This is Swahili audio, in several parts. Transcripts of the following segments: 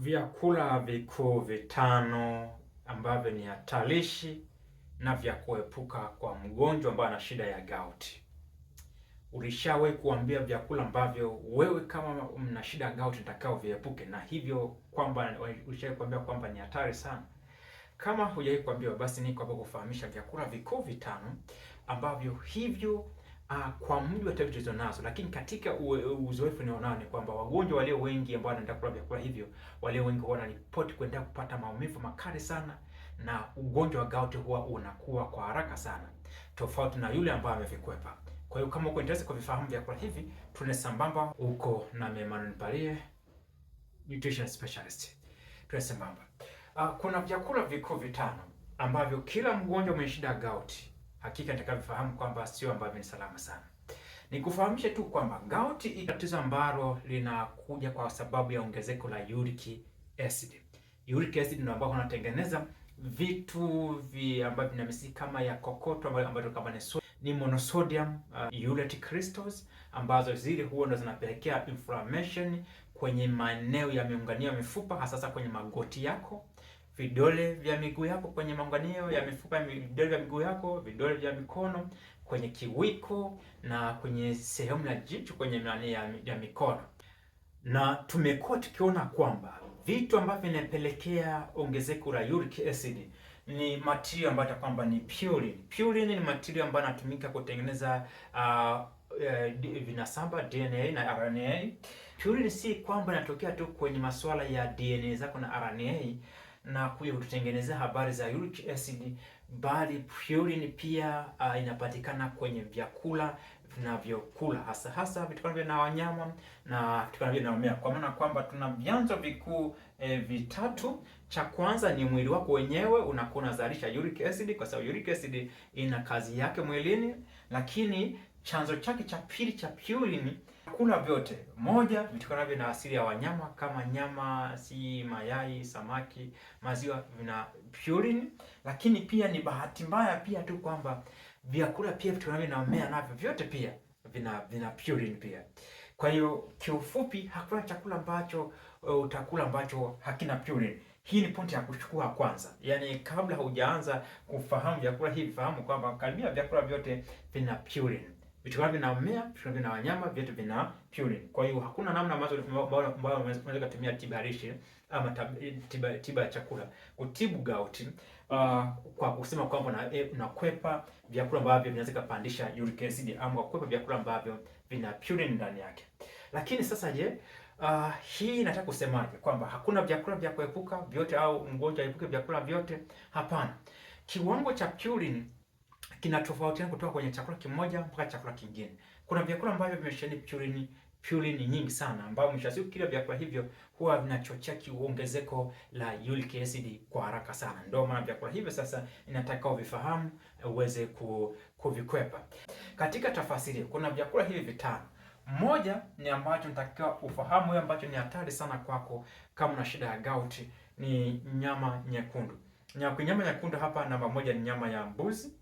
Vyakula vikuu vitano ambavyo ni hatarishi na vya kuepuka kwa mgonjwa ambaye ana shida ya gout. Ulishawahi kuambia vyakula ambavyo wewe kama mna shida ya gout nitakao viepuke, na hivyo kwamba ulishawahi kuambia kwamba ni hatari sana? Kama hujawahi kuambiwa, basi niko hapa kufahamisha vyakula vikuu vitano ambavyo hivyo uh, kwa mji wa taarifa tulizo nazo, lakini katika uzoefu nionao ni kwamba wagonjwa walio wengi ambao wanaenda kula vyakula hivyo, walio wengi huwa wanaripoti kuendelea kupata maumivu makali sana, na ugonjwa wa gout huwa unakuwa kwa haraka sana, tofauti na yule ambaye amevikwepa. Kwa hiyo kama uko interested kwa vifahamu vyakula hivi, tuna sambamba huko na Emmanuel Palie, nutrition specialist. Tuna sambamba. Uh, kuna vyakula vikuu vitano ambavyo kila mgonjwa mwenye shida ya gout hakika nitakavyofahamu kwamba sio ambavyo ni salama sana. Nikufahamishe tu kwamba gout ni tatizo ambalo linakuja kwa sababu ya ongezeko la uric acid. Uric acid ndio ambao unatengeneza vitu vi ambavyo vina misiki kama ya kokoto ambayo kama ni so, ni monosodium uh, urate crystals ambazo zile huwa ndo zinapelekea inflammation kwenye maeneo ya miunganio ya mifupa hasa kwenye magoti yako vidole vya miguu yako kwenye maunganio ya mifupa ya vidole vya miguu yako, vidole vya mikono, kwenye kiwiko na kwenye sehemu ya jicho kwenye nani ya, ya mikono. Na tumekuwa tukiona kwamba vitu ambavyo vinapelekea ongezeko la uric acid ni material ambayo ta kwamba ni purine. Purine ni material ambayo inatumika kutengeneza uh, uh, vinasaba DNA na RNA. Purine si kwamba inatokea tu kwenye masuala ya DNA zako na RNA na kuja kututengenezea habari za uric acid, bali purine pia uh, inapatikana kwenye vyakula tunavyokula hasa hasa vitokanavyo na wanyama na vitokanavyo na mimea, kwa maana kwamba tuna vyanzo vikuu e, vitatu. Cha kwanza ni mwili wako wenyewe unakuwa unazalisha uric acid, kwa sababu uric acid ina kazi yake mwilini, lakini Chanzo chake cha pili cha ni kula vyote moja, vitokanavyo na asili ya wanyama kama nyama, si mayai, samaki, maziwa vina purine. Lakini pia ni bahati mbaya pia tu kwamba vyakula pia vitokanavyo na mmea navyo vyote pia vina vina purine pia. Kwa hiyo kiufupi, hakuna chakula ambacho uh, utakula ambacho hakina purine. Hii ni pointi ya kuchukua kwanza, yaani kabla hujaanza kufahamu vyakula hivi, fahamu kwamba karibia vyakula vyote vina purine vitu kama vina mmea, vitu kama vina wanyama, vyote vina purine. Kwa hiyo hakuna namna ambazo ambao ambao unaweza kutumia tiba lishe ama tiba tiba ya chakula kutibu gout uh, kwa kusema kwamba eh, unakwepa e, vyakula ambavyo vinaweza kupandisha uric acid ama kukwepa vyakula ambavyo vina purine ndani yake. Lakini sasa je, uh, hii nataka kusemaje kwamba hakuna vyakula vya kuepuka vyote au mgonjwa aepuke vyakula vyote? Hapana, kiwango cha purine kinatofautiana kutoka kwenye chakula kimoja mpaka chakula kingine. Kuna vyakula ambavyo vimesheheni purini purini nyingi sana ambayo mwisho wa siku kila vyakula hivyo huwa vinachochea kiongezeko la uric acid kwa haraka sana. Ndio maana vyakula hivyo sasa inataka uvifahamu uweze ku, kuvikwepa. Katika tafasiri kuna vyakula hivi vitano. Moja ni ambacho nitakiwa ufahamu wewe ambacho ni hatari sana kwako kama una shida ya gout ni nyama nyekundu. Nyama nyekundu hapa namba moja ni nyama ya mbuzi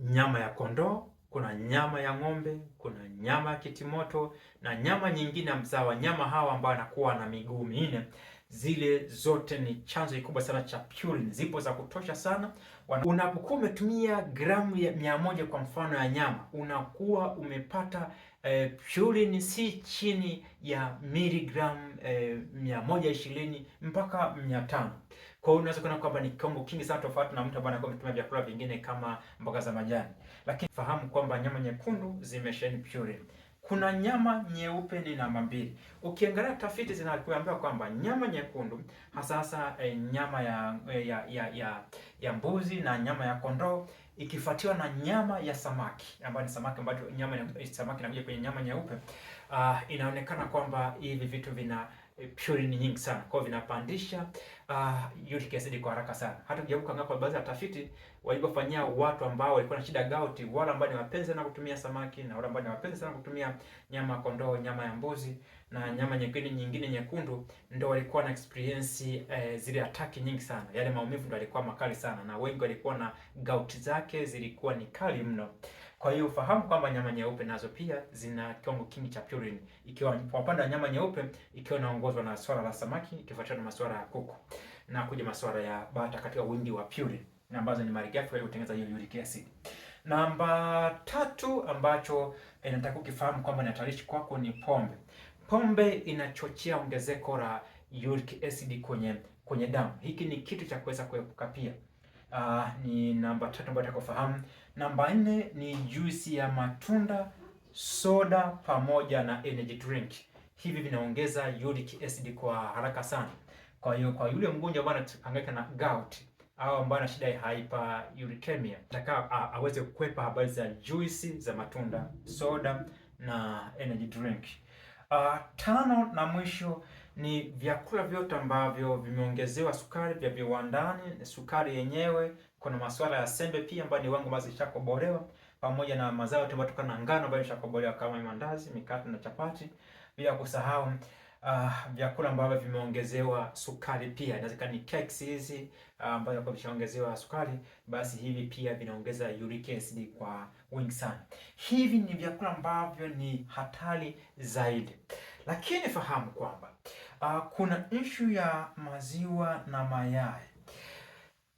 nyama ya kondoo, kuna nyama ya ng'ombe, kuna nyama ya kitimoto na nyama nyingine za mzawa. Nyama hawa ambao anakuwa na miguu minne, zile zote ni chanzo kikubwa sana cha purine, zipo za kutosha sana. Unapokuwa umetumia gramu ya mia moja kwa mfano ya nyama, unakuwa umepata eh, purine si chini ya miligramu eh, mia moja ishirini mpaka mia tano. Kwa hiyo unaweza kuona kwamba ni kiwango kingi sana tofauti na mtu ambaye anakuwa ametumia vyakula vingine kama mboga za majani. Lakini fahamu kwamba nyama nyekundu zimesheheni purine. Kuna nyama nyeupe ni namba mbili. Ukiangalia tafiti zinakuambia kwamba nyama nyekundu hasa hasa eh, nyama ya, eh, ya, ya, ya, ya mbuzi na nyama ya kondoo ikifuatiwa na nyama ya samaki ambayo ni samaki ambayo nyama ya samaki inakuja kwenye nyama nyeupe. Uh, inaonekana kwamba hivi vitu vina Eh, purine nyingi sana, kwa vinapandisha uh, uric acid kwa haraka sana. Hata kujauka ngako baadhi ya tafiti walipofanyia watu ambao walikuwa na shida gout, wale ambao ni wapenzi na kutumia samaki na wale ambao ni wapenzi sana kutumia nyama ya kondoo, nyama ya mbuzi na nyama nyingine nyingine nyekundu, ndio walikuwa na experience eh, zile attack nyingi sana, yale maumivu ndio yalikuwa makali sana, na wengi walikuwa na gout zake zilikuwa ni kali mno. Kwa hiyo ufahamu kwamba nyama nyeupe nazo pia zina kiwango kingi cha purine, ikiwa kwa upande wa nyama nyeupe ikiwa inaongozwa na swala la samaki ikifuatiwa na masuala ya kuku na kuja masuala ya bata katika wingi wa purine na ambazo ni malighafi ya kutengeneza uric acid. Namba tatu ambacho inataka eh, ukifahamu kwamba ni hatarishi kwako ni pombe. Pombe inachochea ongezeko la uric acid kwenye kwenye damu. Hiki ni kitu cha kuweza kuepuka pia. Uh, ni namba tatu ambayo nataka kufahamu. Namba nne ni juisi ya matunda, soda pamoja na energy drink. Hivi vinaongeza uric acid kwa haraka sana. Kwa hiyo kwa yule mgonjwa ambaye anahangaika na gout au ambaye ana shida ya hyperuricemia, nataka aweze kukwepa habari za juisi za matunda, soda na energy drink. Uh, tano na mwisho ni vyakula vyote ambavyo vimeongezewa sukari vya viwandani, sukari yenyewe. Kuna masuala ya sembe pia ambayo ni wangu ambazo zishakobolewa pamoja na mazao yote ambayo na ngano ambayo imeshakobolewa kama mandazi, mikate na chapati, bila kusahau uh, vyakula ambavyo vimeongezewa sukari pia. Inawezekana ni keki hizi ah, ambazo uh, vishaongezewa sukari, basi hivi pia vinaongeza uric acid kwa wingi sana. Hivi ni vyakula ambavyo ni hatari zaidi, lakini fahamu kwamba uh, kuna ishu ya maziwa na mayai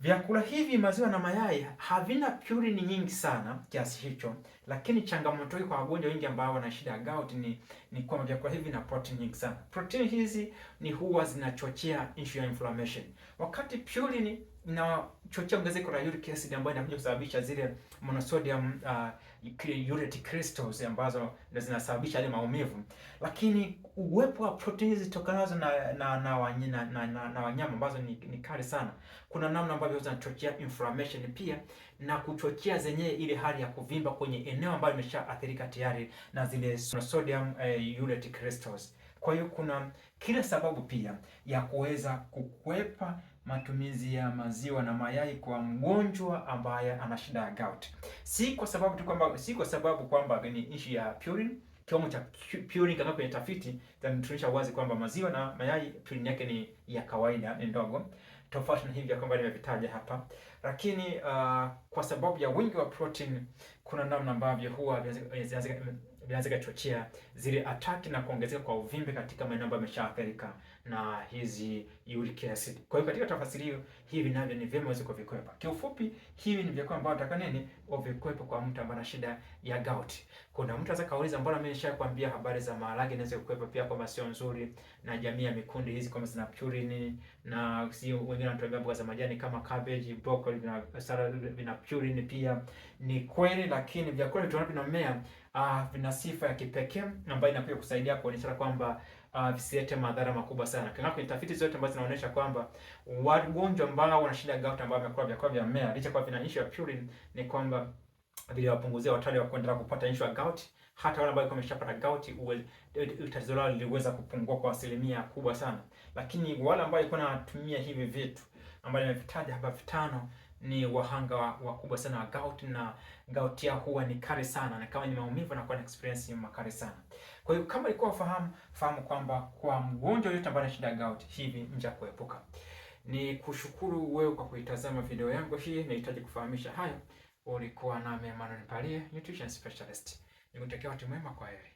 Vyakula hivi maziwa na mayai havina purini nyingi sana kiasi hicho, lakini changamoto hii kwa wagonjwa wengi ambao wana shida ya gout ni ni kwamba vyakula hivi na protein nyingi sana. Protein hizi ni huwa zinachochea issue ya inflammation, wakati purini na inachochea ongezeko la uric acid ambayo inakuja kusababisha zile monosodium uh, urate crystals ambazo zinasababisha ile maumivu. Lakini uwepo wa proteins zitokanazo na na, na, na, na, na, na wanyama ambazo ni, ni kali sana, kuna namna ambavyo zinachochea inflammation pia na kuchochea zenyewe ile hali ya kuvimba kwenye eneo ambalo limeshaathirika tayari na zile monosodium uh, urate crystals. Kwa hiyo kuna kila sababu pia ya kuweza kukwepa matumizi ya maziwa na mayai kwa mgonjwa ambaye ana shida ya gout. Si kwa sababu tu kwamba si kwa sababu kwamba ni ishi ya purine, kiwango cha purine kama kwenye tafiti zinatuonyesha wazi kwamba maziwa na mayai purine yake ni ya kawaida, ni ndogo, tofauti na ya kwamba nimevitaja hapa. Lakini uh, kwa sababu ya wingi wa protein kuna namna ambavyo huwa vinaweza kachochea zile ataki na kuongezeka kwa uvimbe katika maeneo ambayo yameshaathirika na hizi uric acid. Kwa hiyo katika tafasiri hiyo, hivi navyo ni vyema uweze kuvikwepa. Kiufupi, hivi ni vyakula ambavyo nataka nini uvikwepe kwa mtu ambaye ana shida ya gout. Kuna mtu anaweza kauliza, mbona mimi nishakwambia habari za maharage naweza kukwepa pia, kwamba sio nzuri na jamii ya mikunde hizi kama zina purine na sio, wengine wanatumia mboga za majani kama cabbage, broccoli na salad vina purine pia. Ni kweli, lakini vyakula tunavyo mea uh, vina sifa ya kipekee ambayo inakuja kusaidia kuonyesha kwamba uh, ah, visilete madhara makubwa sana. Kwa kwenye tafiti zote ambazo zinaonyesha kwamba wagonjwa ambao wana shida gout ambao wamekula vyakula vya mmea licha kwa vina issue ya purine ni kwamba viliwapunguzia hatari wa kuendelea kupata issue ya gout hata wale ambao wameshapata gout tatizo lao liliweza kupungua kwa asilimia kubwa sana, lakini wale ambao walikuwa wanatumia hivi vitu ambavyo nimevitaja hapa vitano ni wahanga wakubwa sana wa gout, na gout yao huwa ni kali sana, na kama ni maumivu na kuwa na experience makali sana. Kwa hiyo kama likuwa ufahamu fahamu kwamba kwa mgonjwa yote ambaye ana shida ya gout, hivi njia kuepuka ni kushukuru wewe kwa kuitazama video yangu hii. Nahitaji kufahamisha hayo. Ulikuwa nami Emmanuel Mpalie, nutrition specialist. Nikutakia wakati mwema, kwa heri.